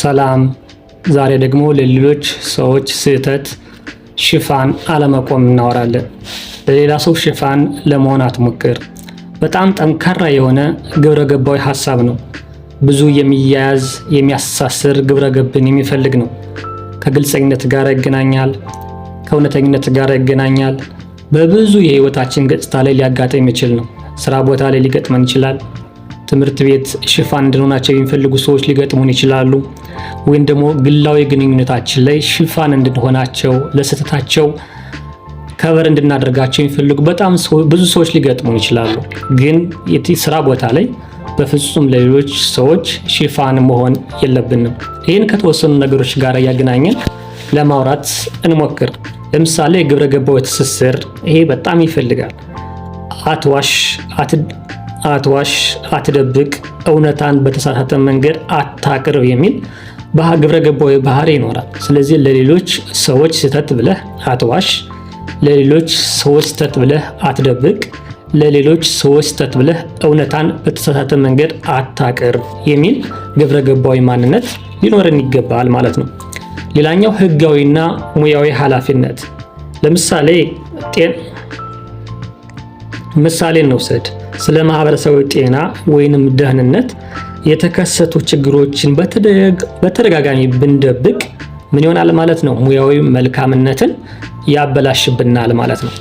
ሰላም። ዛሬ ደግሞ ለሌሎች ሰዎች ስህተት ሽፋን አለመቆም እናወራለን። ለሌላ ሰው ሽፋን ለመሆን አትሞክር። በጣም ጠንካራ የሆነ ግብረ ገባዊ ሀሳብ ነው። ብዙ የሚያያዝ የሚያሳስር ግብረ ገብን የሚፈልግ ነው። ከግልፀኝነት ጋር ይገናኛል፣ ከእውነተኝነት ጋር ይገናኛል። በብዙ የህይወታችን ገጽታ ላይ ሊያጋጥም የሚችል ነው። ስራ ቦታ ላይ ሊገጥመን ይችላል። ትምህርት ቤት ሽፋን እንድንሆናቸው የሚፈልጉ ሰዎች ሊገጥሙን ይችላሉ። ወይም ደግሞ ግላዊ ግንኙነታችን ላይ ሽፋን እንድንሆናቸው ለስህተታቸው ከበር እንድናደርጋቸው የሚፈልጉ በጣም ብዙ ሰዎች ሊገጥሙን ይችላሉ። ግን ስራ ቦታ ላይ በፍጹም ለሌሎች ሰዎች ሽፋን መሆን የለብንም። ይህን ከተወሰኑ ነገሮች ጋር እያገናኘን ለማውራት እንሞክር። ለምሳሌ የግብረ ገባዊ ትስስር፣ ይሄ በጣም ይፈልጋል። አትዋሽ፣ አትዋሽ፣ አትደብቅ፣ እውነታን በተሳሳተ መንገድ አታቅርብ የሚል ግብረ ገባዊ ባህሪ ይኖራል። ስለዚህ ለሌሎች ሰዎች ስህተት ብለህ አትዋሽ፣ ለሌሎች ሰዎች ስህተት ብለህ አትደብቅ፣ ለሌሎች ሰዎች ስህተት ብለህ እውነታን በተሳሳተ መንገድ አታቅርብ የሚል ግብረ ገባዊ ማንነት ሊኖረን ይገባል ማለት ነው። ሌላኛው ህጋዊና ሙያዊ ኃላፊነት ለምሳሌ ምሳሌን እንውሰድ። ስለ ማህበረሰብ ጤና ወይንም ደህንነት የተከሰቱ ችግሮችን በተደጋጋሚ ብንደብቅ ምን ይሆናል ማለት ነው? ሙያዊ መልካምነትን ያበላሽብናል ማለት ነው።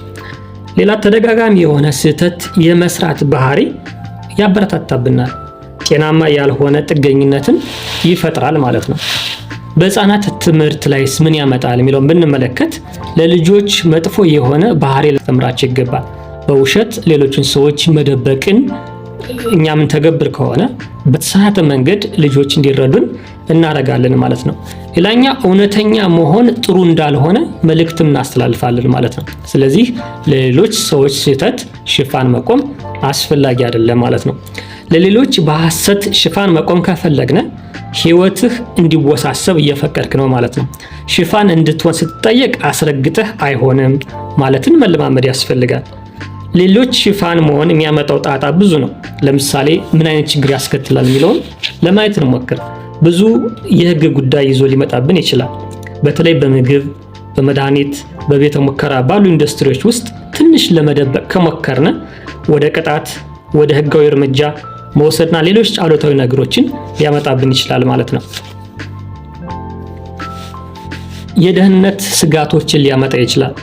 ሌላ ተደጋጋሚ የሆነ ስህተት የመስራት ባህሪ ያበረታታብናል። ጤናማ ያልሆነ ጥገኝነትን ይፈጥራል ማለት ነው። በህፃናት ትምህርት ላይስ ምን ያመጣል የሚለውን ብንመለከት ለልጆች መጥፎ የሆነ ባህሪ ሊያስተምራቸው ይገባል። በውሸት ሌሎችን ሰዎች መደበቅን እኛ ምን ተገብር ከሆነ በተሳሳተ መንገድ ልጆች እንዲረዱን እናረጋለን ማለት ነው። ሌላኛ እውነተኛ መሆን ጥሩ እንዳልሆነ መልእክትም እናስተላልፋለን ማለት ነው። ስለዚህ ለሌሎች ሰዎች ስህተት ሽፋን መቆም አስፈላጊ አይደለም ማለት ነው። ለሌሎች በሐሰት ሽፋን መቆም ከፈለግነ ህይወትህ እንዲወሳሰብ እየፈቀድክ ነው ማለት ነው። ሽፋን እንድትሆን ስትጠየቅ አስረግጠህ አይሆንም ማለትን መለማመድ ያስፈልጋል። ሌሎች ሽፋን መሆን የሚያመጣው ጣጣ ብዙ ነው። ለምሳሌ ምን አይነት ችግር ያስከትላል የሚለውን ለማየት ሞክር ብዙ የህግ ጉዳይ ይዞ ሊመጣብን ይችላል። በተለይ በምግብ፣ በመድኃኒት፣ በቤተ ሙከራ ባሉ ኢንዱስትሪዎች ውስጥ ትንሽ ለመደበቅ ከሞከርነ ወደ ቅጣት፣ ወደ ህጋዊ እርምጃ መውሰድና ሌሎች አሉታዊ ነገሮችን ሊያመጣብን ይችላል ማለት ነው። የደህንነት ስጋቶችን ሊያመጣ ይችላል።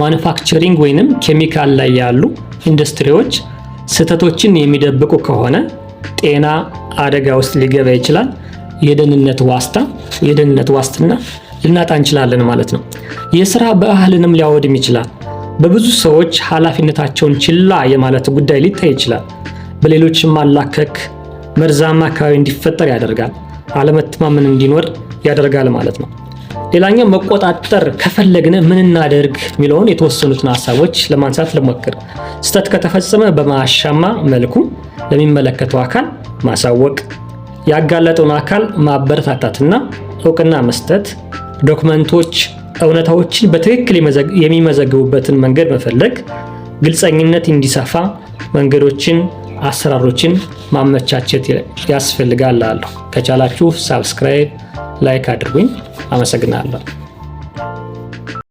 ማኑፋክቸሪንግ ወይንም ኬሚካል ላይ ያሉ ኢንዱስትሪዎች ስህተቶችን የሚደብቁ ከሆነ ጤና አደጋ ውስጥ ሊገባ ይችላል። የደህንነት ዋስታ የደህንነት ዋስትና ልናጣ እንችላለን ማለት ነው። የስራ ባህልንም ሊያወድም ይችላል። በብዙ ሰዎች ኃላፊነታቸውን ችላ የማለት ጉዳይ ሊታይ ይችላል። በሌሎችም ማላከክ መርዛማ አካባቢ እንዲፈጠር ያደርጋል። አለመተማመን እንዲኖር ያደርጋል ማለት ነው። ሌላኛው መቆጣጠር ከፈለግን ምን እናደርግ የሚለውን የተወሰኑትን ሀሳቦች ለማንሳት ልሞክር። ስህተት ከተፈጸመ በማያሻማ መልኩ ለሚመለከተው አካል ማሳወቅ፣ ያጋለጠውን አካል ማበረታታትና እውቅና መስጠት፣ ዶክመንቶች እውነታዎችን በትክክል የሚመዘግቡበትን መንገድ መፈለግ፣ ግልፀኝነት እንዲሰፋ መንገዶችን አሰራሮችን ማመቻቸት ያስፈልጋል አለሁ። ከቻላችሁ ሳብስክራይብ ላይክ አድርጉኝ። አመሰግናለሁ።